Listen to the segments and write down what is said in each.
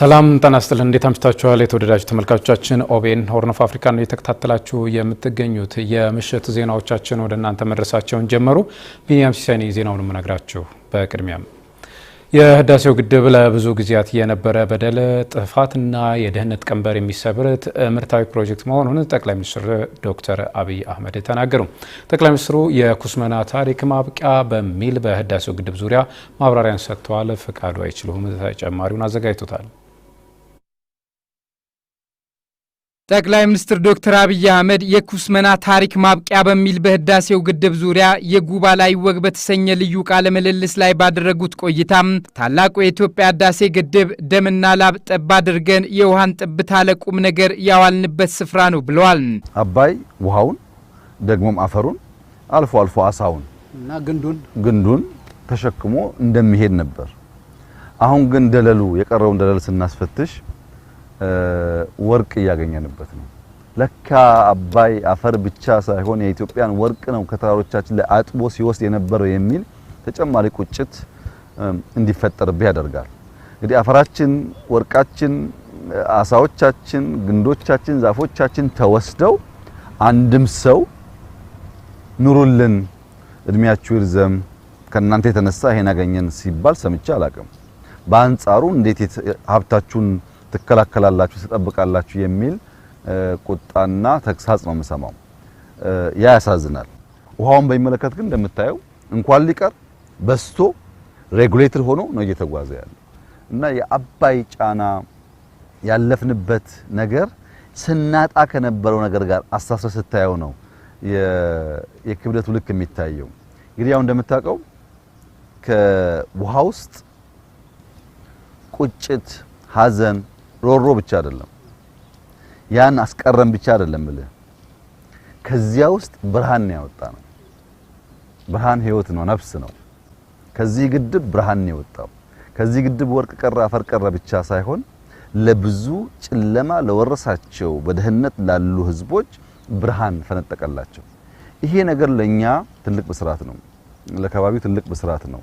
ሰላም ጤና ይስጥልን። እንዴት አምሽታችኋል? የተወደዳችሁ ተመልካቾቻችን ኦቤን ሆርን ኦፍ አፍሪካ ነው እየተከታተላችሁ የምትገኙት። የምሽት ዜናዎቻችን ወደ እናንተ መድረሳቸውን ጀመሩ። ቢኒያም ሲሳኒ ዜናውን የምነግራችሁ። በቅድሚያም የህዳሴው ግድብ ለብዙ ጊዜያት የነበረ በደል፣ ጥፋትና የደህንነት ቀንበር የሚሰብር ምርታዊ ፕሮጀክት መሆኑን ጠቅላይ ሚኒስትር ዶክተር አብይ አህመድ ተናገሩ። ጠቅላይ ሚኒስትሩ የኩስመና ታሪክ ማብቂያ በሚል በህዳሴው ግድብ ዙሪያ ማብራሪያን ሰጥተዋል። ፍቃዱ አይችሉም ተጨማሪውን አዘጋጅቶታል። ጠቅላይ ሚኒስትር ዶክተር አብይ አህመድ የኩስመና ታሪክ ማብቂያ በሚል በህዳሴው ግድብ ዙሪያ የጉባ ላይ ወግ በተሰኘ ልዩ ቃለ ምልልስ ላይ ባደረጉት ቆይታም ታላቁ የኢትዮጵያ ህዳሴ ግድብ ደምና ላብ ጠብ አድርገን የውሃን ጥብታ ለቁም ነገር ያዋልንበት ስፍራ ነው ብለዋል። አባይ ውሃውን ደግሞም አፈሩን አልፎ አልፎ አሳውን እና ግንዱን ግንዱን ተሸክሞ እንደሚሄድ ነበር። አሁን ግን ደለሉ የቀረውን ደለል ስናስፈትሽ ወርቅ እያገኘንበት ነው። ለካ አባይ አፈር ብቻ ሳይሆን የኢትዮጵያን ወርቅ ነው ከተራሮቻችን ላይ አጥቦ ሲወስድ የነበረው የሚል ተጨማሪ ቁጭት እንዲፈጠርብህ ያደርጋል። እንግዲህ አፈራችን፣ ወርቃችን፣ አሳዎቻችን፣ ግንዶቻችን፣ ዛፎቻችን ተወስደው አንድም ሰው ኑሩልን፣ እድሜያችሁ ይርዘም፣ ከእናንተ የተነሳ ይሄን አገኘን ሲባል ሰምቼ አላቅም። በአንጻሩ እንዴት ሀብታችሁን ትከላከላላችሁ፣ ትጠብቃላችሁ የሚል ቁጣና ተግሳጽ ነው የምሰማው። ያ ያሳዝናል። ውሃውን በሚመለከት ግን እንደምታየው እንኳን ሊቀር በስቶ ሬጉሌተር ሆኖ ነው እየተጓዘ ያለ እና የአባይ ጫና ያለፍንበት ነገር ስናጣ ከነበረው ነገር ጋር አስተሳስረ ስታየው ነው የክብደቱ ልክ የሚታየው። እንግዲህ ያው እንደምታውቀው ከውሃ ውስጥ ቁጭት፣ ሀዘን። ሮሮ ብቻ አይደለም፣ ያን አስቀረም ብቻ አይደለም ብለ ከዚያ ውስጥ ብርሃን ነው ያወጣ ነው። ብርሃን ህይወት ነው፣ ነፍስ ነው። ከዚህ ግድብ ብርሃን ነው የወጣው። ከዚህ ግድብ ወርቅ ቀረ አፈር ቀረ ብቻ ሳይሆን ለብዙ ጨለማ ለወረሳቸው በደህንነት ላሉ ህዝቦች ብርሃን ፈነጠቀላቸው። ይሄ ነገር ለኛ ትልቅ ብስራት ነው። ለከባቢው ትልቅ ብስራት ነው።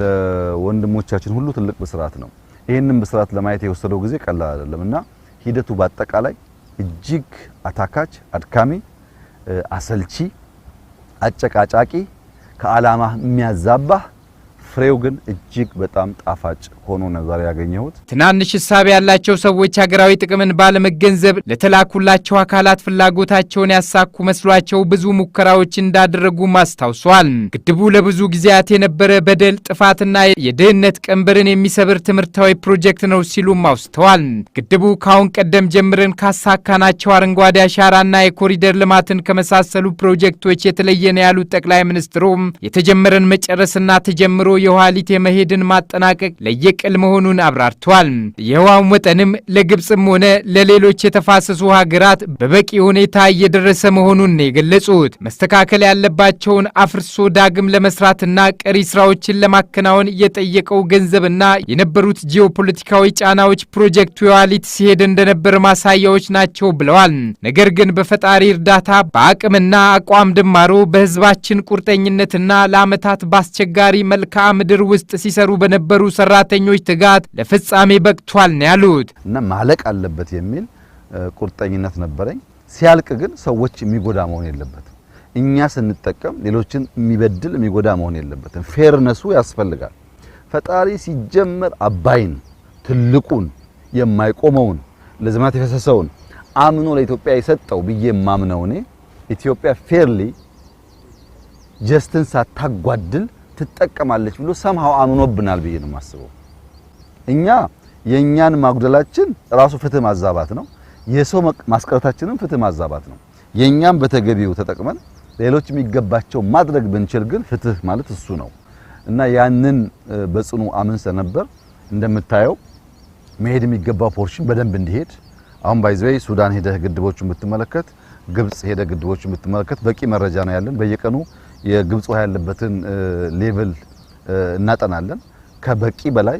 ለወንድሞቻችን ሁሉ ትልቅ ብስራት ነው። ይህንን ብስራት ለማየት የወሰደው ጊዜ ቀላል አይደለም እና ሂደቱ በአጠቃላይ እጅግ አታካች፣ አድካሚ፣ አሰልቺ፣ አጨቃጫቂ ከዓላማ የሚያዛባህ ፍሬው ግን እጅግ በጣም ጣፋጭ ሆኖ ነው ዛሬ ያገኘሁት። ትናንሽ እሳቤ ያላቸው ሰዎች ሀገራዊ ጥቅምን ባለመገንዘብ ለተላኩላቸው አካላት ፍላጎታቸውን ያሳኩ መስሏቸው ብዙ ሙከራዎች እንዳደረጉ አስታውሷል። ግድቡ ለብዙ ጊዜያት የነበረ በደል፣ ጥፋትና የድህነት ቀንበርን የሚሰብር ትምህርታዊ ፕሮጀክት ነው ሲሉም አውስተዋል። ግድቡ ከአሁን ቀደም ጀምረን ካሳካናቸው አረንጓዴ አሻራና የኮሪደር ልማትን ከመሳሰሉ ፕሮጀክቶች የተለየ ነው ያሉት ጠቅላይ ሚኒስትሩም የተጀመረን መጨረስና ተጀምሮ የውሃሊት የመሄድን ማጠናቀቅ ለየቅል መሆኑን አብራርቷል። የውሃው መጠንም ለግብፅም ሆነ ለሌሎች የተፋሰሱ ሀገራት በበቂ ሁኔታ እየደረሰ መሆኑን ነው የገለጹት። መስተካከል ያለባቸውን አፍርሶ ዳግም ለመስራትና ቀሪ ስራዎችን ለማከናወን የጠየቀው ገንዘብና የነበሩት ጂኦፖለቲካዊ ጫናዎች ፕሮጀክቱ የውሃሊት ሲሄድ እንደነበር ማሳያዎች ናቸው ብለዋል። ነገር ግን በፈጣሪ እርዳታ በአቅምና አቋም ድማሮ በህዝባችን ቁርጠኝነትና ለዓመታት በአስቸጋሪ መልክዓ ምድር ውስጥ ሲሰሩ በነበሩ ሰራተኞች ትጋት ለፍጻሜ በቅቷል ነው ያሉት። እና ማለቅ አለበት የሚል ቁርጠኝነት ነበረኝ። ሲያልቅ ግን ሰዎች የሚጎዳ መሆን የለበትም። እኛ ስንጠቀም ሌሎችን የሚበድል የሚጎዳ መሆን የለበትም። ፌርነሱ ያስፈልጋል። ፈጣሪ ሲጀመር አባይን ትልቁን የማይቆመውን ለዘመናት የፈሰሰውን አምኖ ለኢትዮጵያ የሰጠው ብዬ የማምነው እኔ ኢትዮጵያ ፌርሊ ጀስትን ሳታጓድል ትጠቀማለች ብሎ ሰምሃው አምኖብናል ብዬ ነው የማስበው። እኛ የእኛን ማጉደላችን ራሱ ፍትህ ማዛባት ነው። የሰው ማስቀረታችንም ፍትህ ማዛባት ነው። የእኛም በተገቢው ተጠቅመን ሌሎች የሚገባቸው ማድረግ ብንችል ግን ፍትህ ማለት እሱ ነው እና ያንን በጽኑ አምን ስለነበር እንደምታየው መሄድ የሚገባው ፖርሽን በደንብ እንዲሄድ አሁን ባይዘይ ሱዳን ሄደህ ግድቦቹን ብትመለከት፣ ግብጽ ሄደህ ግድቦቹን ብትመለከት በቂ መረጃ ነው ያለን በየቀኑ የግብፅ ውሃ ያለበትን ሌቭል እናጠናለን። ከበቂ በላይ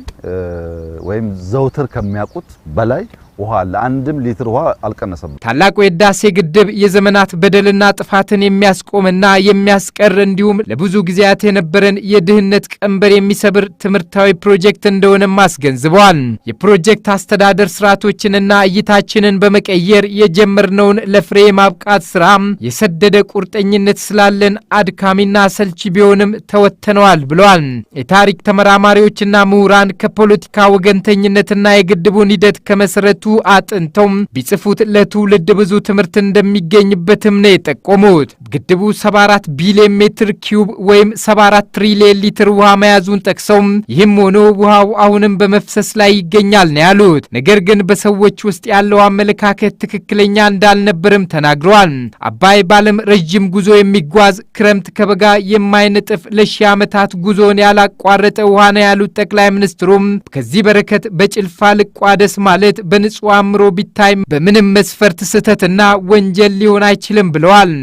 ወይም ዘውትር ከሚያውቁት በላይ ውሃ አለ። አንድም ሊትር ውሃ አልቀነሰም። ታላቁ የህዳሴ ግድብ የዘመናት በደልና ጥፋትን የሚያስቆምና የሚያስቀር እንዲሁም ለብዙ ጊዜያት የነበረን የድህነት ቀንበር የሚሰብር ትምህርታዊ ፕሮጀክት እንደሆነም አስገንዝበዋል። የፕሮጀክት አስተዳደር ስርዓቶችንና እይታችንን በመቀየር የጀመርነውን ለፍሬ ማብቃት ስራ የሰደደ ቁርጠኝነት ስላለን አድካሚና ሰልቺ ቢሆንም ተወተነዋል ብለዋል። የታሪክ ተመራማሪዎችና ምሁራን ከፖለቲካ ወገንተኝነትና የግድቡን ሂደት ከመሰረቱ በወቅቱ አጥንተውም ቢጽፉት ለትውልድ ብዙ ትምህርት እንደሚገኝበትም ነው የጠቆሙት። ግድቡ 74 ቢሊዮን ሜትር ኪዩብ ወይም 74 ትሪሊየን ሊትር ውሃ መያዙን ጠቅሰው ይህም ሆኖ ውሃው አሁንም በመፍሰስ ላይ ይገኛል ነው ያሉት። ነገር ግን በሰዎች ውስጥ ያለው አመለካከት ትክክለኛ እንዳልነበርም ተናግረዋል። አባይ ባለም ረዥም ጉዞ የሚጓዝ ክረምት ከበጋ የማይነጥፍ ለሺህ ዓመታት ጉዞን ያላቋረጠ ውሃ ነው ያሉት ጠቅላይ ሚኒስትሩም ከዚህ በረከት በጭልፋ ልቋደስ ማለት በንጹህ አእምሮ ቢታይ በምንም መስፈርት ስህተትና ወንጀል ሊሆን አይችልም ብለዋል።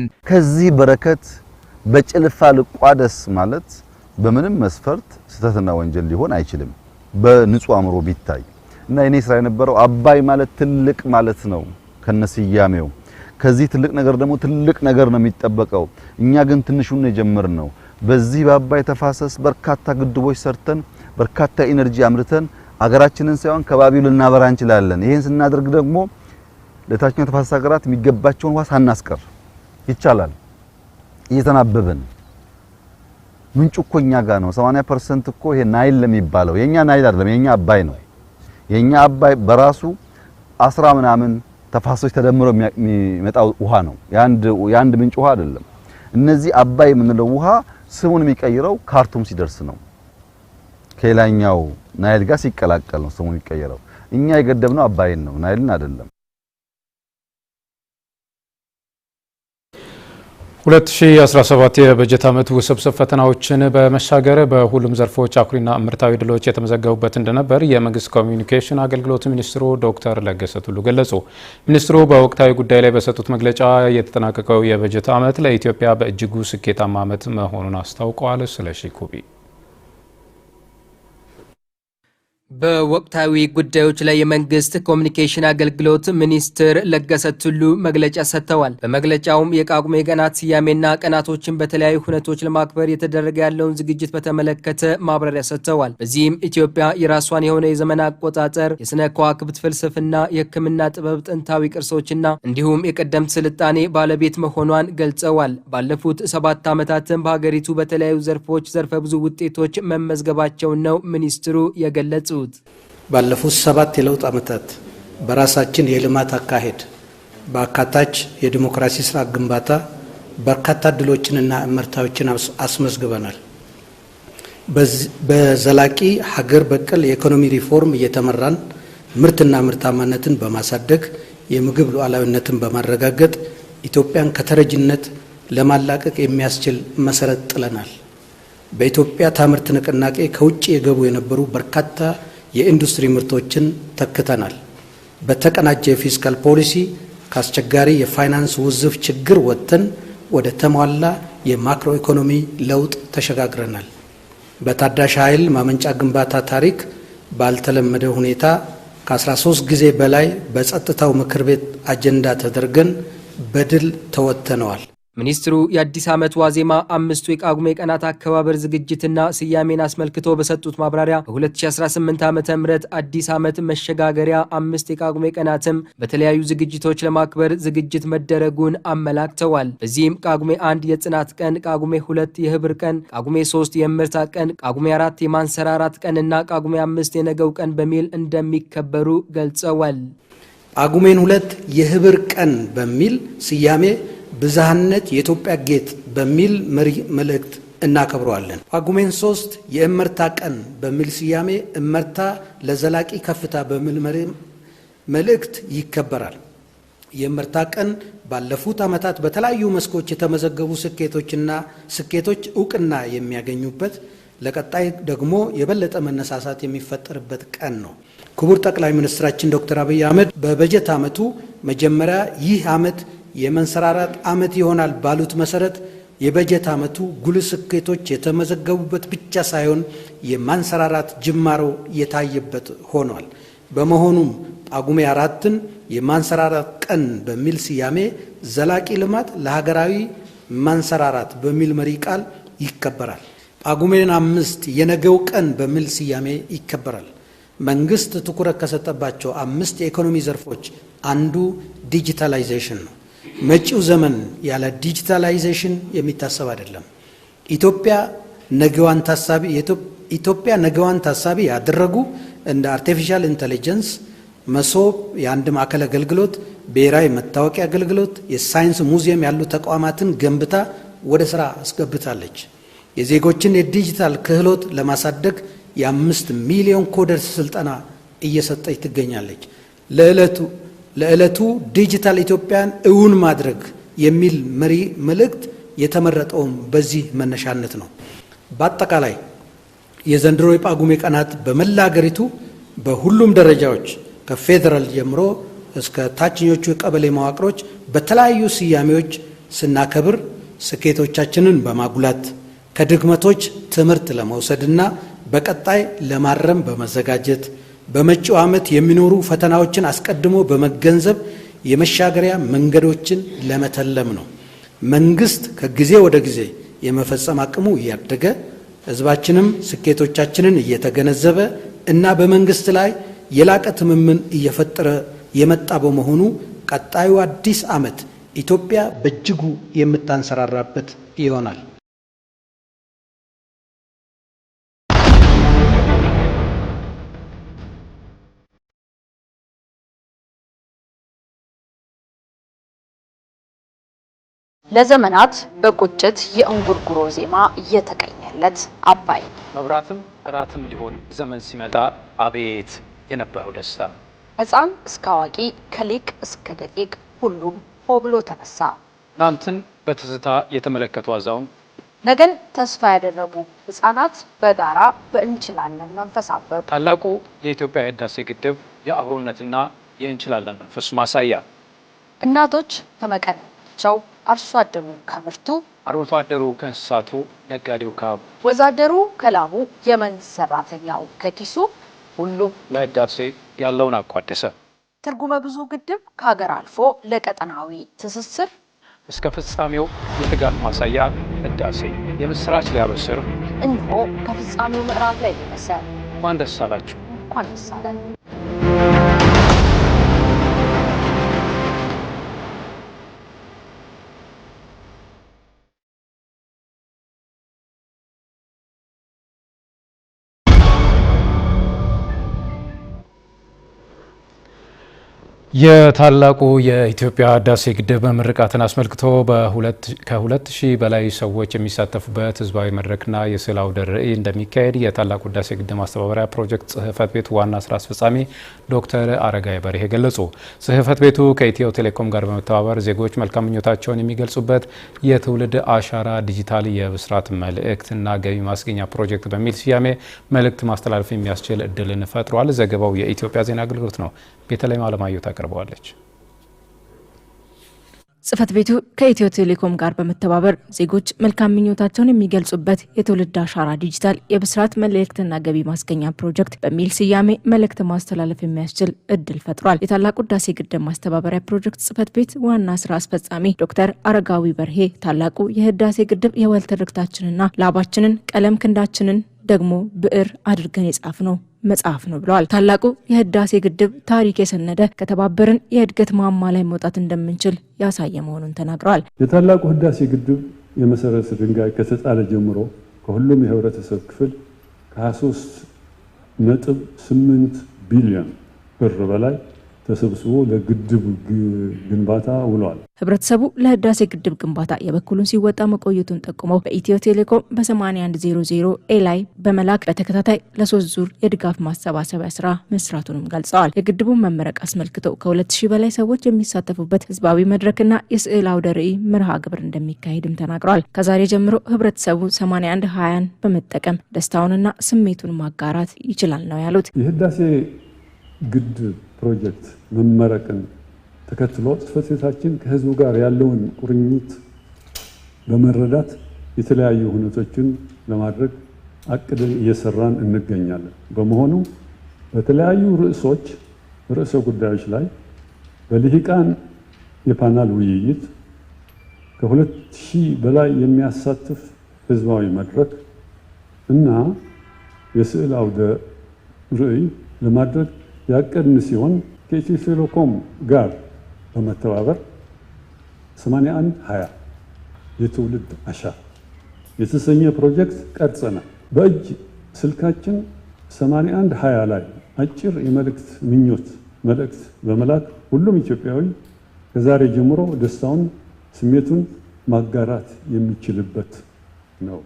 የዚህ በረከት በጭልፋ ልቋደስ ማለት በምንም መስፈርት ስህተትና ወንጀል ሊሆን አይችልም፣ በንጹህ አእምሮ ቢታይ እና የኔ ስራ የነበረው አባይ ማለት ትልቅ ማለት ነው ከነስያሜው ከዚህ ትልቅ ነገር ደግሞ ትልቅ ነገር ነው የሚጠበቀው። እኛ ግን ትንሹን የጀመርነው። በዚህ በአባይ ተፋሰስ በርካታ ግድቦች ሰርተን በርካታ ኢነርጂ አምርተን አገራችንን ሳይሆን ከባቢው ልናበራ እንችላለን። ይሄን ስናደርግ ደግሞ ለታችኛው ተፋሰስ ሀገራት የሚገባቸውን ዋስ አናስቀር ይቻላል። እየተናበበን ምንጩ እኮ እኛ ጋር ነው። 80 ፐርሰንት እኮ ይሄ ናይል ለሚባለው የኛ ናይል አይደለም፣ የኛ አባይ ነው። የኛ አባይ በራሱ አስራ ምናምን ተፋሶች ተደምሮ የሚመጣው ውሃ ነው። የአንድ ምንጭ ውሃ አይደለም። እነዚህ አባይ የምንለው ውሃ ስሙን የሚቀይረው ካርቱም ሲደርስ ነው። ከሌላኛው ናይል ጋር ሲቀላቀል ነው ስሙን የሚቀይረው። እኛ የገደብነው አባይን ነው፣ ናይልን አይደለም። 2017 የበጀት ዓመት ውስብስብ ፈተናዎችን በመሻገር በሁሉም ዘርፎች አኩሪና ምርታዊ ድሎች የተመዘገቡበት እንደነበር የመንግስት ኮሚኒኬሽን አገልግሎት ሚኒስትሩ ዶክተር ለገሰ ቱሉ ገለጹ። ሚኒስትሩ በወቅታዊ ጉዳይ ላይ በሰጡት መግለጫ የተጠናቀቀው የበጀት ዓመት ለኢትዮጵያ በእጅጉ ስኬታማ ዓመት መሆኑን አስታውቀዋል። ስለሺ ኩቢ በወቅታዊ ጉዳዮች ላይ የመንግስት ኮሚኒኬሽን አገልግሎት ሚኒስትር ለገሰ ቱሉ መግለጫ ሰጥተዋል። በመግለጫውም የጳጉሜ ቀናት ስያሜና ቀናቶችን በተለያዩ ሁነቶች ለማክበር የተደረገ ያለውን ዝግጅት በተመለከተ ማብራሪያ ሰጥተዋል። በዚህም ኢትዮጵያ የራሷን የሆነ የዘመን አቆጣጠር፣ የስነ ከዋክብት ፍልስፍና፣ የሕክምና ጥበብ፣ ጥንታዊ ቅርሶችና እንዲሁም የቀደምት ስልጣኔ ባለቤት መሆኗን ገልጸዋል። ባለፉት ሰባት ዓመታትም በሀገሪቱ በተለያዩ ዘርፎች ዘርፈ ብዙ ውጤቶች መመዝገባቸውን ነው ሚኒስትሩ የገለጹ ያሉት ባለፉት ሰባት የለውጥ ዓመታት በራሳችን የልማት አካሄድ በአካታች የዲሞክራሲ ስርዓት ግንባታ በርካታ ድሎችንና እመርታዎችን አስመዝግበናል። በዘላቂ ሀገር በቀል የኢኮኖሚ ሪፎርም እየተመራን ምርትና ምርታማነትን በማሳደግ የምግብ ሉዓላዊነትን በማረጋገጥ ኢትዮጵያን ከተረጅነት ለማላቀቅ የሚያስችል መሰረት ጥለናል። በኢትዮጵያ ታምርት ንቅናቄ ከውጭ የገቡ የነበሩ በርካታ የኢንዱስትሪ ምርቶችን ተክተናል። በተቀናጀ የፊስካል ፖሊሲ ከአስቸጋሪ የፋይናንስ ውዝፍ ችግር ወጥተን ወደ ተሟላ የማክሮ ኢኮኖሚ ለውጥ ተሸጋግረናል። በታዳሽ ኃይል ማመንጫ ግንባታ ታሪክ ባልተለመደ ሁኔታ ከ13 ጊዜ በላይ በጸጥታው ምክር ቤት አጀንዳ ተደርገን በድል ተወጥተነዋል። ሚኒስትሩ የአዲስ ዓመት ዋዜማ አምስቱ የጳጉሜ ቀናት አከባበር ዝግጅትና ስያሜን አስመልክቶ በሰጡት ማብራሪያ በ2018 ዓ ም አዲስ ዓመት መሸጋገሪያ አምስት የጳጉሜ ቀናትም በተለያዩ ዝግጅቶች ለማክበር ዝግጅት መደረጉን አመላክተዋል። በዚህም ጳጉሜ አንድ የጽናት ቀን፣ ጳጉሜ ሁለት የህብር ቀን፣ ጳጉሜ ሶስት የምርታ ቀን፣ ጳጉሜ አራት የማንሰራራት ቀን እና ጳጉሜ አምስት የነገው ቀን በሚል እንደሚከበሩ ገልጸዋል። ጳጉሜን ሁለት የህብር ቀን በሚል ስያሜ ብዝሃነት የኢትዮጵያ ጌጥ በሚል መሪ መልእክት እናከብረዋለን። ጳጉሜን ሶስት የእመርታ ቀን በሚል ስያሜ እመርታ ለዘላቂ ከፍታ በሚል መሪ መልእክት ይከበራል። የእመርታ ቀን ባለፉት ዓመታት በተለያዩ መስኮች የተመዘገቡ ስኬቶችና ስኬቶች እውቅና የሚያገኙበት ለቀጣይ ደግሞ የበለጠ መነሳሳት የሚፈጠርበት ቀን ነው። ክቡር ጠቅላይ ሚኒስትራችን ዶክተር አብይ አህመድ በበጀት ዓመቱ መጀመሪያ ይህ ዓመት የመንሰራራት ዓመት ይሆናል ባሉት መሰረት የበጀት ዓመቱ ጉልህ ስኬቶች የተመዘገቡበት ብቻ ሳይሆን የማንሰራራት ጅማሮ የታየበት ሆኗል። በመሆኑም ጳጉሜ አራትን የማንሰራራት ቀን በሚል ስያሜ ዘላቂ ልማት ለሀገራዊ ማንሰራራት በሚል መሪ ቃል ይከበራል። ጳጉሜን አምስት የነገው ቀን በሚል ስያሜ ይከበራል። መንግስት ትኩረት ከሰጠባቸው አምስት የኢኮኖሚ ዘርፎች አንዱ ዲጂታላይዜሽን ነው። መጪው ዘመን ያለ ዲጂታላይዜሽን የሚታሰብ አይደለም። ኢትዮጵያ ነገዋን ታሳቢ ኢትዮጵያ ነገዋን ታሳቢ ያደረጉ እንደ አርቲፊሻል ኢንቴሊጀንስ፣ መሶብ፣ የአንድ ማዕከል አገልግሎት፣ ብሔራዊ መታወቂያ አገልግሎት፣ የሳይንስ ሙዚየም ያሉ ተቋማትን ገንብታ ወደ ስራ አስገብታለች። የዜጎችን የዲጂታል ክህሎት ለማሳደግ የአምስት ሚሊዮን ኮደርስ ስልጠና እየሰጠች ትገኛለች። ለዕለቱ ለዕለቱ ዲጂታል ኢትዮጵያን እውን ማድረግ የሚል መሪ መልእክት የተመረጠውም በዚህ መነሻነት ነው። በአጠቃላይ የዘንድሮ የጳጉሜ ቀናት በመላ አገሪቱ በሁሉም ደረጃዎች ከፌዴራል ጀምሮ እስከ ታችኞቹ የቀበሌ መዋቅሮች በተለያዩ ስያሜዎች ስናከብር ስኬቶቻችንን በማጉላት ከድክመቶች ትምህርት ለመውሰድና በቀጣይ ለማረም በመዘጋጀት በመጪው ዓመት የሚኖሩ ፈተናዎችን አስቀድሞ በመገንዘብ የመሻገሪያ መንገዶችን ለመተለም ነው። መንግስት ከጊዜ ወደ ጊዜ የመፈጸም አቅሙ እያደገ ህዝባችንም ስኬቶቻችንን እየተገነዘበ እና በመንግስት ላይ የላቀ ትምምን እየፈጠረ የመጣ በመሆኑ ቀጣዩ አዲስ ዓመት ኢትዮጵያ በእጅጉ የምታንሰራራበት ይሆናል። ለዘመናት በቁጭት የእንጉርጉሮ ዜማ እየተቀኘለት አባይ መብራትም እራትም ሊሆን ዘመን ሲመጣ አቤት የነበረው ደስታ። ሕፃን እስከ አዋቂ ከሊቅ እስከ ደቂቅ ሁሉም ሆ ብሎ ተነሳ። ትናንትን በትዝታ የተመለከቱ አዛውን! ነገን ተስፋ ያደረጉ ሕፃናት በጋራ በእንችላለን መንፈስ አበሩ። ታላቁ የኢትዮጵያ ሕዳሴ ግድብ የአብሮነትና የእንችላለን መንፈሱ ማሳያ እናቶች ከመቀነታቸው አርሶ አደሩ ከምርቱ፣ አርሶ አደሩ ከእንስሳቱ፣ ነጋዴው ከሀብቱ፣ ወዛደሩ ከላሙ፣ የመን ሰራተኛው ከኪሱ፣ ሁሉም ለህዳሴ ያለውን አቋደሰ። ትርጉመ ብዙ ግድብ ከሀገር አልፎ ለቀጠናዊ ትስስር እስከ ፍጻሜው የትጋት ማሳያ ህዳሴ የምስራች ሊያበስር እንሆ ከፍጻሜው ምዕራፍ ላይ ደረሰ። እንኳን ደስ አላችሁ፣ እንኳን ደስ አለን። የታላቁ የኢትዮጵያ ህዳሴ ግድብ ምርቃትን አስመልክቶ ከሁለት ሺህ በላይ ሰዎች የሚሳተፉበት ህዝባዊ መድረክና የስዕል አውደ ርዕይ እንደሚካሄድ የታላቁ ህዳሴ ግድብ ማስተባበሪያ ፕሮጀክት ጽህፈት ቤት ዋና ስራ አስፈጻሚ ዶክተር አረጋይ በርሄ ገለጹ። ጽህፈት ቤቱ ከኢትዮ ቴሌኮም ጋር በመተባበር ዜጎች መልካም ምኞታቸውን የሚገልጹበት የትውልድ አሻራ ዲጂታል የብስራት መልእክትና ገቢ ማስገኛ ፕሮጀክት በሚል ስያሜ መልእክት ማስተላለፍ የሚያስችል እድልን ፈጥሯል። ዘገባው የኢትዮጵያ ዜና አገልግሎት ነው። ቤተለይም አለማየሁ አቅርበዋለች። ጽህፈት ቤቱ ከኢትዮ ቴሌኮም ጋር በመተባበር ዜጎች መልካም ምኞታቸውን የሚገልጹበት የትውልድ አሻራ ዲጂታል የብስራት መልእክትና ገቢ ማስገኛ ፕሮጀክት በሚል ስያሜ መልእክት ማስተላለፍ የሚያስችል እድል ፈጥሯል። የታላቁ ህዳሴ ግድብ ማስተባበሪያ ፕሮጀክት ጽህፈት ቤት ዋና ስራ አስፈጻሚ ዶክተር አረጋዊ በርሄ ታላቁ የህዳሴ ግድብ የወል ትርክታችንና ላባችንን ቀለም ክንዳችንን ደግሞ ብዕር አድርገን የጻፍነው መጽሐፍ ነው ብለዋል። ታላቁ የህዳሴ ግድብ ታሪክ የሰነደ ከተባበርን የእድገት ማማ ላይ መውጣት እንደምንችል ያሳየ መሆኑን ተናግረዋል። የታላቁ ህዳሴ ግድብ የመሰረት ድንጋይ ከተጣለ ጀምሮ ከሁሉም የህብረተሰብ ክፍል ከ23 ነጥብ 8 ቢሊዮን ብር በላይ ተሰብስቦ ለግድብ ግንባታ ውሏል። ህብረተሰቡ ለህዳሴ ግድብ ግንባታ የበኩሉን ሲወጣ መቆየቱን ጠቁመው በኢትዮ ቴሌኮም በ8100 ኤ ላይ በመላክ በተከታታይ ለሶስት ዙር የድጋፍ ማሰባሰቢያ ስራ መስራቱንም ገልጸዋል። የግድቡን መመረቅ አስመልክቶ ከ2 በላይ ሰዎች የሚሳተፉበት ህዝባዊ መድረክና የስዕል አውደ ርዕይ መርሃ ግብር እንደሚካሄድም ተናግረዋል። ከዛሬ ጀምሮ ህብረተሰቡ 8120 ን በመጠቀም ደስታውንና ስሜቱን ማጋራት ይችላል ነው ያሉት። የህዳሴ ግድብ ፕሮጀክት መመረቅን ተከትሎ ጽሕፈት ቤታችን ከህዝቡ ጋር ያለውን ቁርኝት በመረዳት የተለያዩ ሁነቶችን ለማድረግ አቅደን እየሰራን እንገኛለን። በመሆኑ በተለያዩ ርዕሶች ርዕሰ ጉዳዮች ላይ በልሂቃን የፓናል ውይይት ከሁለት ሺህ በላይ የሚያሳትፍ ህዝባዊ መድረክ እና የስዕል አውደ ርዕይ ለማድረግ ያቀድን ሲሆን ከኢትዮ ቴሌኮም ጋር በመተባበር 8120 የትውልድ አሻ የተሰኘ ፕሮጀክት ቀርጸናል። በእጅ ስልካችን 8120 ላይ አጭር የመልእክት ምኞት መልእክት በመላክ ሁሉም ኢትዮጵያዊ ከዛሬ ጀምሮ ደስታውን፣ ስሜቱን ማጋራት የሚችልበት ነው።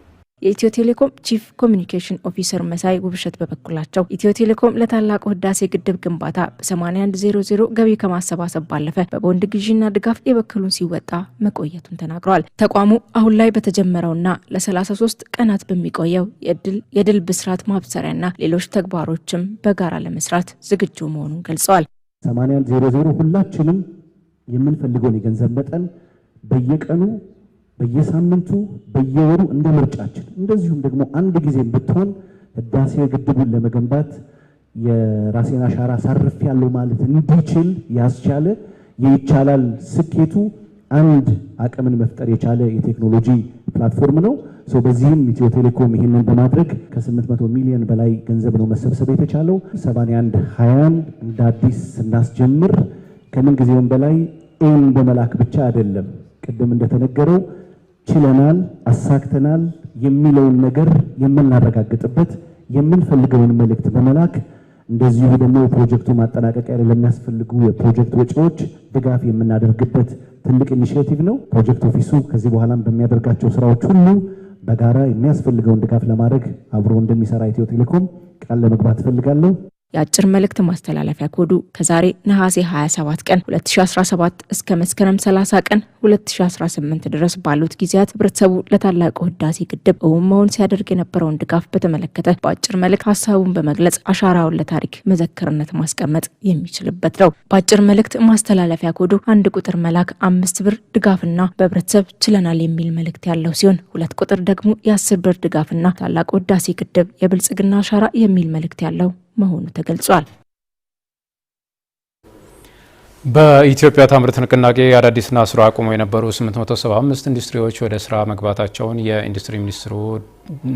የኢትዮ ቴሌኮም ቺፍ ኮሚኒኬሽን ኦፊሰር መሳይ ውብሸት በበኩላቸው ኢትዮ ቴሌኮም ለታላቁ ህዳሴ ግድብ ግንባታ በ8100 ገቢ ከማሰባሰብ ባለፈ በቦንድ ግዢና ድጋፍ የበኩሉን ሲወጣ መቆየቱን ተናግረዋል። ተቋሙ አሁን ላይ በተጀመረውና ለ33 ቀናት በሚቆየው የድል ብስራት ማብሰሪያና ሌሎች ተግባሮችም በጋራ ለመስራት ዝግጁ መሆኑን ገልጸዋል። 8100 ሁላችንም የምንፈልገውን የገንዘብ መጠን በየቀኑ በየሳምንቱ በየወሩ እንደ ምርጫችን እንደዚሁም ደግሞ አንድ ጊዜም ብትሆን ህዳሴ ግድቡን ለመገንባት የራሴን አሻራ ሳርፍ ያለው ማለት እንዲችል ያስቻለ የይቻላል ስኬቱ አንድ አቅምን መፍጠር የቻለ የቴክኖሎጂ ፕላትፎርም ነው። በዚህም ኢትዮ ቴሌኮም ይህንን በማድረግ ከ800 ሚሊዮን በላይ ገንዘብ ነው መሰብሰብ የተቻለው። 71 ሀያን እንደ አዲስ ስናስጀምር ከምን ጊዜውም በላይ ኤም በመላክ ብቻ አይደለም። ቅድም እንደተነገረው ችለናል፣ አሳክተናል የሚለውን ነገር የምናረጋግጥበት የምንፈልገውን መልእክት በመላክ እንደዚሁ ደግሞ የፕሮጀክቱ ማጠናቀቂያ ላይ ለሚያስፈልጉ የፕሮጀክት ወጪዎች ድጋፍ የምናደርግበት ትልቅ ኢኒሽቲቭ ነው። ፕሮጀክት ኦፊሱ ከዚህ በኋላም በሚያደርጋቸው ስራዎች ሁሉ በጋራ የሚያስፈልገውን ድጋፍ ለማድረግ አብሮ እንደሚሰራ ኢትዮ ቴሌኮም ቃል ለመግባት እፈልጋለሁ። የአጭር መልእክት ማስተላለፊያ ኮዱ ከዛሬ ነሐሴ 27 ቀን 2017 እስከ መስከረም 30 ቀን 2018 ድረስ ባሉት ጊዜያት ህብረተሰቡ ለታላቁ ህዳሴ ግድብ እውን መሆን ሲያደርግ የነበረውን ድጋፍ በተመለከተ በአጭር መልእክት ሀሳቡን በመግለጽ አሻራውን ለታሪክ መዘክርነት ማስቀመጥ የሚችልበት ነው። በአጭር መልእክት ማስተላለፊያ ኮዱ አንድ ቁጥር መላክ አምስት ብር ድጋፍና በህብረተሰብ ችለናል የሚል መልእክት ያለው ሲሆን ሁለት ቁጥር ደግሞ የአስር ብር ድጋፍና ታላቁ ህዳሴ ግድብ የብልጽግና አሻራ የሚል መልእክት ያለው መሆኑ ተገልጿል። በኢትዮጵያ ታምርት ንቅናቄ አዳዲስና ስራ አቁሞ የነበሩ 875 ኢንዱስትሪዎች ወደ ስራ መግባታቸውን የኢንዱስትሪ ሚኒስትሩ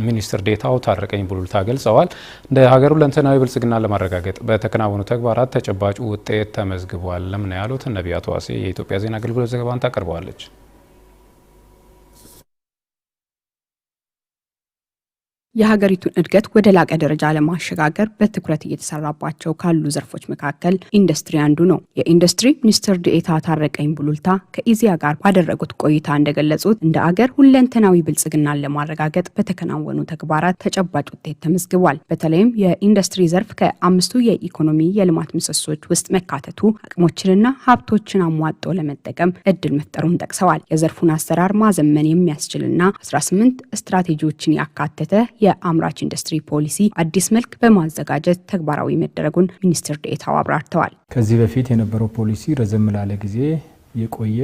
ሚኒስትር ዴታው ታረቀኝ ቡሉልታ ገልጸዋል። እንደ ሀገር ሁለንተናዊ ብልጽግና ለማረጋገጥ በተከናወኑ ተግባራት ተጨባጭ ውጤት ተመዝግቧል ነው ያሉት። ነቢያት ዋሴ የኢትዮጵያ ዜና አገልግሎት ዘገባን ታቀርበዋለች። የሀገሪቱን እድገት ወደ ላቀ ደረጃ ለማሸጋገር በትኩረት እየተሰራባቸው ካሉ ዘርፎች መካከል ኢንዱስትሪ አንዱ ነው። የኢንዱስትሪ ሚኒስትር ዴኤታ ታረቀኝ ቡሉልታ ከኢዚያ ጋር ባደረጉት ቆይታ እንደገለጹት እንደ አገር ሁለንተናዊ ብልጽግናን ለማረጋገጥ በተከናወኑ ተግባራት ተጨባጭ ውጤት ተመዝግቧል። በተለይም የኢንዱስትሪ ዘርፍ ከአምስቱ የኢኮኖሚ የልማት ምሰሶች ውስጥ መካተቱ አቅሞችንና ሀብቶችን አሟጦ ለመጠቀም እድል መፍጠሩን ጠቅሰዋል። የዘርፉን አሰራር ማዘመን የሚያስችልና 18 ስትራቴጂዎችን ያካተተ የአምራች ኢንዱስትሪ ፖሊሲ አዲስ መልክ በማዘጋጀት ተግባራዊ መደረጉን ሚኒስትር ዴኤታው አብራርተዋል። ከዚህ በፊት የነበረው ፖሊሲ ረዘም ላለ ጊዜ የቆየ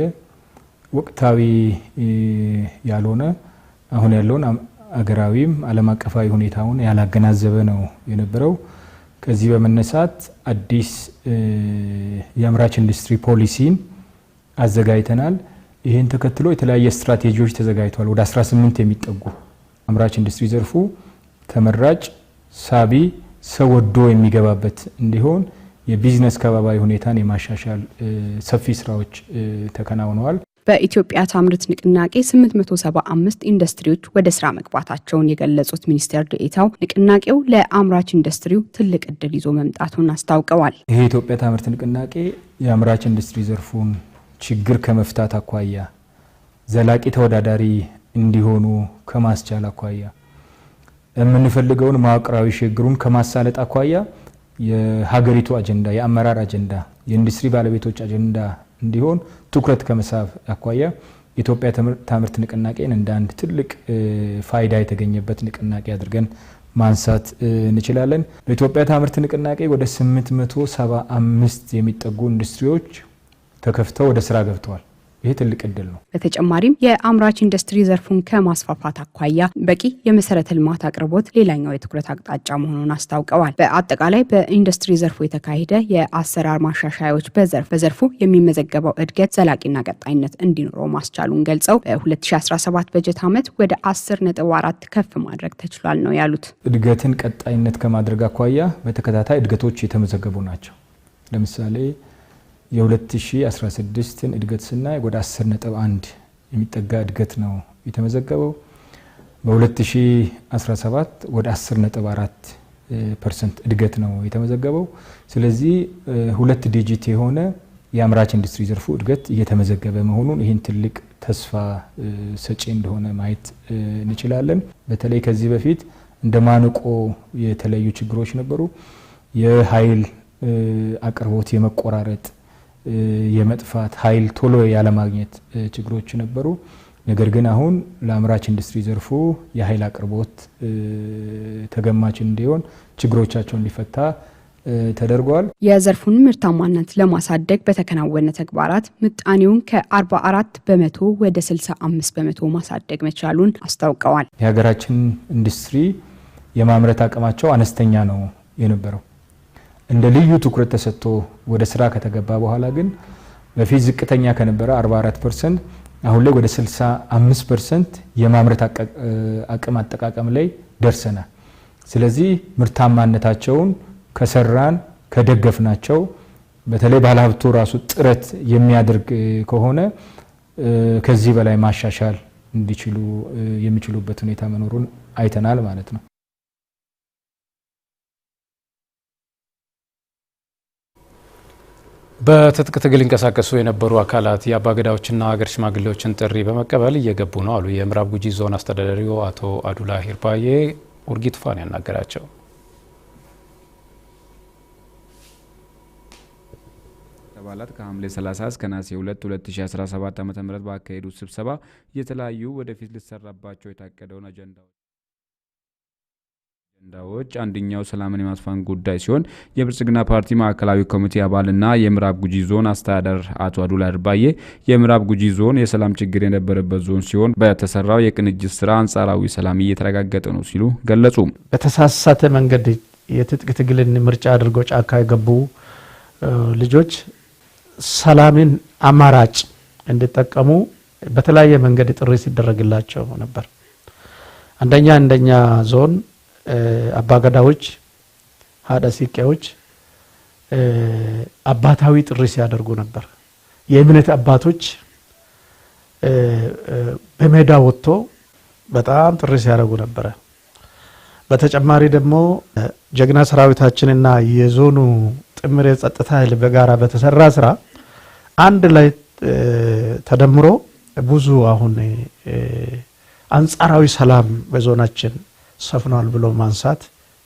ወቅታዊ ያልሆነ አሁን ያለውን አገራዊም ዓለም አቀፋዊ ሁኔታውን ያላገናዘበ ነው የነበረው። ከዚህ በመነሳት አዲስ የአምራች ኢንዱስትሪ ፖሊሲን አዘጋጅተናል። ይህን ተከትሎ የተለያየ ስትራቴጂዎች ተዘጋጅተዋል። ወደ 18 የሚጠጉ አምራች ኢንዱስትሪ ዘርፉ ተመራጭ፣ ሳቢ፣ ሰው ወዶ የሚገባበት እንዲሆን የቢዝነስ ከባባዊ ሁኔታን የማሻሻል ሰፊ ስራዎች ተከናውነዋል። በኢትዮጵያ ታምርት ንቅናቄ 875 ኢንዱስትሪዎች ወደ ስራ መግባታቸውን የገለጹት ሚኒስቴር ዴኤታው ንቅናቄው ለአምራች ኢንዱስትሪው ትልቅ እድል ይዞ መምጣቱን አስታውቀዋል። ይህ የኢትዮጵያ ታምርት ንቅናቄ የአምራች ኢንዱስትሪ ዘርፉን ችግር ከመፍታት አኳያ ዘላቂ ተወዳዳሪ እንዲሆኑ ከማስቻል አኳያ የምንፈልገውን መዋቅራዊ ሽግሩን ከማሳለጥ አኳያ የሀገሪቱ አጀንዳ፣ የአመራር አጀንዳ፣ የኢንዱስትሪ ባለቤቶች አጀንዳ እንዲሆን ትኩረት ከመሳብ አኳያ የኢትዮጵያ ታምርት ንቅናቄን እንደ አንድ ትልቅ ፋይዳ የተገኘበት ንቅናቄ አድርገን ማንሳት እንችላለን። በኢትዮጵያ ታምርት ንቅናቄ ወደ 875 የሚጠጉ ኢንዱስትሪዎች ተከፍተው ወደ ስራ ገብተዋል። ይሄ ትልቅ እድል ነው። በተጨማሪም የአምራች ኢንዱስትሪ ዘርፉን ከማስፋፋት አኳያ በቂ የመሰረተ ልማት አቅርቦት ሌላኛው የትኩረት አቅጣጫ መሆኑን አስታውቀዋል። በአጠቃላይ በኢንዱስትሪ ዘርፉ የተካሄደ የአሰራር ማሻሻያዎች በዘርፍ በዘርፉ የሚመዘገበው እድገት ዘላቂና ቀጣይነት እንዲኖረው ማስቻሉን ገልጸው በ2017 በጀት ዓመት ወደ 10.4 ከፍ ማድረግ ተችሏል ነው ያሉት። እድገትን ቀጣይነት ከማድረግ አኳያ በተከታታይ እድገቶች የተመዘገቡ ናቸው። ለምሳሌ የ2016ን እድገት ስናይ ወደ 10 ነጥብ 1 የሚጠጋ እድገት ነው የተመዘገበው። በ2017 ወደ 10 ነጥብ 4 ፐርሰንት እድገት ነው የተመዘገበው። ስለዚህ ሁለት ዲጂት የሆነ የአምራች ኢንዱስትሪ ዘርፉ እድገት እየተመዘገበ መሆኑን ይህን ትልቅ ተስፋ ሰጪ እንደሆነ ማየት እንችላለን። በተለይ ከዚህ በፊት እንደ ማነቆ የተለያዩ ችግሮች ነበሩ። የኃይል አቅርቦት የመቆራረጥ የመጥፋት ኃይል ቶሎ ያለማግኘት ችግሮች ነበሩ። ነገር ግን አሁን ለአምራች ኢንዱስትሪ ዘርፉ የኃይል አቅርቦት ተገማች እንዲሆን ችግሮቻቸው እንዲፈታ ተደርጓል። የዘርፉን ምርታማነት ለማሳደግ በተከናወነ ተግባራት ምጣኔውን ከ44 በመቶ ወደ 65 በመቶ ማሳደግ መቻሉን አስታውቀዋል። የሀገራችን ኢንዱስትሪ የማምረት አቅማቸው አነስተኛ ነው የነበረው እንደ ልዩ ትኩረት ተሰጥቶ ወደ ስራ ከተገባ በኋላ ግን በፊት ዝቅተኛ ከነበረ 44 ፐርሰንት አሁን ላይ ወደ 65 ፐርሰንት የማምረት አቅም አጠቃቀም ላይ ደርሰናል። ስለዚህ ምርታማነታቸውን ከሰራን ከደገፍ ናቸው በተለይ ባለሀብቱ ራሱ ጥረት የሚያደርግ ከሆነ ከዚህ በላይ ማሻሻል እንዲችሉ የሚችሉበት ሁኔታ መኖሩን አይተናል ማለት ነው። በትጥቅ ትግል ይንቀሳቀሱ የነበሩ አካላት የአባገዳዎችና ሀገር ሽማግሌዎችን ጥሪ በመቀበል እየገቡ ነው አሉ የምዕራብ ጉጂ ዞን አስተዳዳሪው አቶ አዱላ ሂርባዬ ኡርጊ ቱፋን ያናገራቸው። አባላት ከሐምሌ 30 እስከ ነሐሴ 2 2017 ዓ ም ባካሄዱት ስብሰባ የተለያዩ ወደፊት ሊሰራባቸው የታቀደውን አጀንዳዎች አጀንዳዎች አንደኛው ሰላምን የማስፋን ጉዳይ ሲሆን የብልጽግና ፓርቲ ማዕከላዊ ኮሚቴ አባልና የምዕራብ ጉጂ ዞን አስተዳደር አቶ አዱላ ድርባዬ የምዕራብ ጉጂ ዞን የሰላም ችግር የነበረበት ዞን ሲሆን በተሰራው የቅንጅት ስራ አንጻራዊ ሰላም እየተረጋገጠ ነው ሲሉ ገለጹ። በተሳሳተ መንገድ የትጥቅ ትግልን ምርጫ አድርጎ ጫካ የገቡ ልጆች ሰላምን አማራጭ እንዲጠቀሙ በተለያየ መንገድ ጥሪ ሲደረግላቸው ነበር። አንደኛ እንደኛ ዞን አባገዳዎች፣ ሀዳ ሲቄዎች አባታዊ ጥሪ ሲያደርጉ ነበር። የእምነት አባቶች በሜዳ ወጥቶ በጣም ጥሪ ሲያደርጉ ነበረ። በተጨማሪ ደግሞ ጀግና ሰራዊታችንና የዞኑ ጥምር የጸጥታ ኃይል በጋራ በተሰራ ስራ አንድ ላይ ተደምሮ ብዙ አሁን አንጻራዊ ሰላም በዞናችን ሰፍኗል ብሎ ማንሳት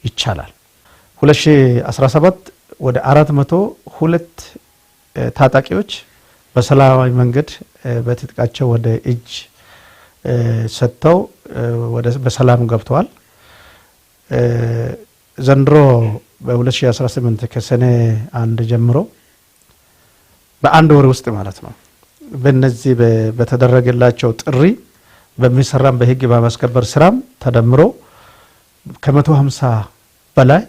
ይቻላል። 2017 ወደ 402 ታጣቂዎች በሰላማዊ መንገድ በትጥቃቸው ወደ እጅ ሰጥተው በሰላም ገብተዋል። ዘንድሮ በ2018 ከሰኔ አንድ ጀምሮ በአንድ ወር ውስጥ ማለት ነው። በነዚህ በተደረገላቸው ጥሪ በሚሰራም በህግ በማስከበር ስራም ተደምሮ ከመቶ ሀምሳ በላይ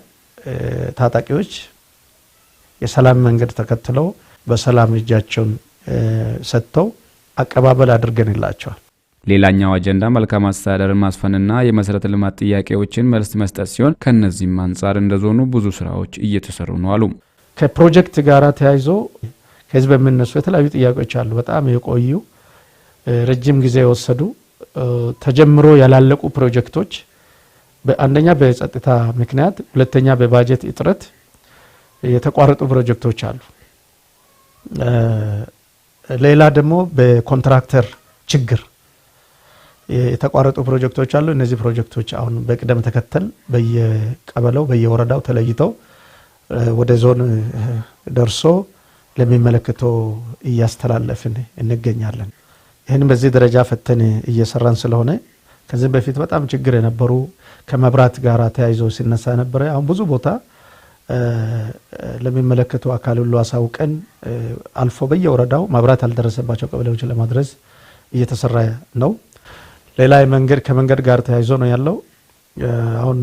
ታጣቂዎች የሰላም መንገድ ተከትለው በሰላም እጃቸውን ሰጥተው አቀባበል አድርገንላቸዋል። ሌላኛው አጀንዳ መልካም አስተዳደርን ማስፈንና የመሰረተ ልማት ጥያቄዎችን መልስ መስጠት ሲሆን ከእነዚህም አንጻር እንደ ዞኑ ብዙ ስራዎች እየተሰሩ ነው አሉ። ከፕሮጀክት ጋር ተያይዞ ከዚህ የሚነሱ የተለያዩ ጥያቄዎች አሉ። በጣም የቆዩ ረጅም ጊዜ የወሰዱ ተጀምሮ ያላለቁ ፕሮጀክቶች አንደኛ በጸጥታ ምክንያት፣ ሁለተኛ በባጀት እጥረት የተቋረጡ ፕሮጀክቶች አሉ። ሌላ ደግሞ በኮንትራክተር ችግር የተቋረጡ ፕሮጀክቶች አሉ። እነዚህ ፕሮጀክቶች አሁን በቅደም ተከተል በየቀበለው በየወረዳው ተለይተው ወደ ዞን ደርሶ ለሚመለከተው እያስተላለፍን እንገኛለን። ይህን በዚህ ደረጃ ፈተን እየሰራን ስለሆነ ከዚህ በፊት በጣም ችግር የነበሩ ከመብራት ጋር ተያይዞ ሲነሳ ነበረ። አሁን ብዙ ቦታ ለሚመለከቱ አካል ሁሉ አሳውቀን አልፎ በየወረዳው መብራት ያልደረሰባቸው ቀበሌዎች ለማድረስ እየተሰራ ነው። ሌላ መንገድ ከመንገድ ጋር ተያይዞ ነው ያለው። አሁን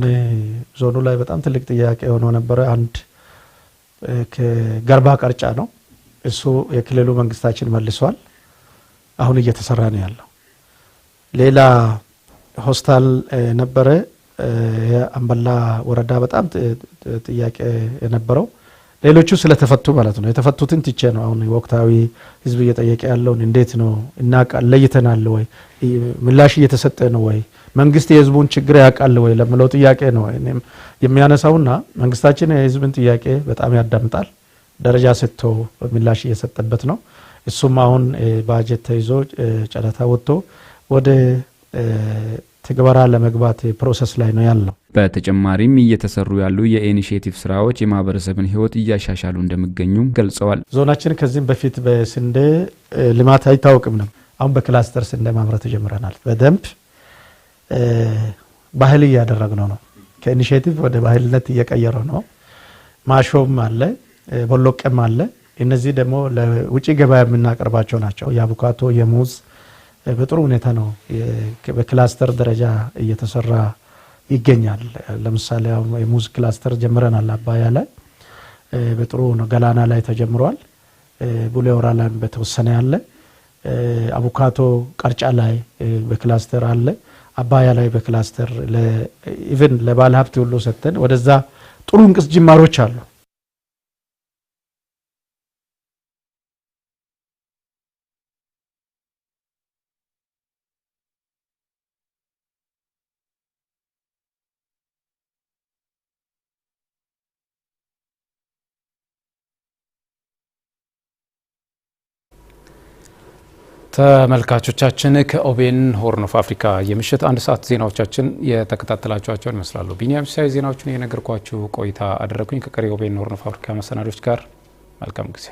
ዞኑ ላይ በጣም ትልቅ ጥያቄ ሆኖ ነበረ። አንድ ገርባ ቀርጫ ነው እሱ የክልሉ መንግስታችን መልሷል። አሁን እየተሰራ ነው ያለው ሌላ ሆስታል ነበረ። የአምበላ ወረዳ በጣም ጥያቄ የነበረው ሌሎቹ ስለተፈቱ ማለት ነው። የተፈቱትን ትቼ ነው አሁን ወቅታዊ ህዝብ እየጠየቀ ያለውን እንዴት ነው እናቃል፣ ለይተናል ወይ ምላሽ እየተሰጠ ነው ወይ መንግስት የህዝቡን ችግር ያውቃል ወይ ለምለው ጥያቄ ነው የሚያነሳውና መንግስታችን የህዝብን ጥያቄ በጣም ያዳምጣል። ደረጃ ሰጥቶ ምላሽ እየሰጠበት ነው። እሱም አሁን ባጀት ተይዞ ጨረታ ወጥቶ ወደ ትግበራ ለመግባት ፕሮሰስ ላይ ነው ያለው። በተጨማሪም እየተሰሩ ያሉ የኢኒሽቲቭ ስራዎች የማህበረሰብን ህይወት እያሻሻሉ እንደሚገኙ ገልጸዋል። ዞናችን ከዚህም በፊት በስንዴ ልማት አይታወቅም ነው። አሁን በክላስተር ስንዴ ማምረት ጀምረናል። በደንብ ባህል እያደረግነው ነው። ከኢኒሽቲቭ ወደ ባህልነት እየቀየረ ነው። ማሾም አለ፣ ቦሎቄም አለ። እነዚህ ደግሞ ለውጭ ገበያ የምናቀርባቸው ናቸው። የአቮካቶ፣ የሙዝ በጥሩ ሁኔታ ነው በክላስተር ደረጃ እየተሰራ ይገኛል። ለምሳሌ የሙዝ ክላስተር ጀምረናል አባያ ላይ በጥሩ ገላና ላይ ተጀምሯል። ቡሌወራ ላይ በተወሰነ ያለ አቡካቶ ቀርጫ ላይ በክላስተር አለ። አባያ ላይ በክላስተር ኢቨን ለባለ ሀብት ሁሉ ሰተን ወደዛ ጥሩ እንቅስ ጅማሮች አሉ። ተመልካቾቻችን ከኦቤን ሆርን ኦፍ አፍሪካ የምሽት አንድ ሰዓት ዜናዎቻችን የተከታተላችኋቸውን ይመስላሉ። ቢኒያም ሲሳይ ዜናዎቹን የነገርኳችሁ ቆይታ አደረግኩኝ። ከቀሪ ኦቤን ሆርን ኦፍ አፍሪካ መሰናዶች ጋር መልካም ጊዜ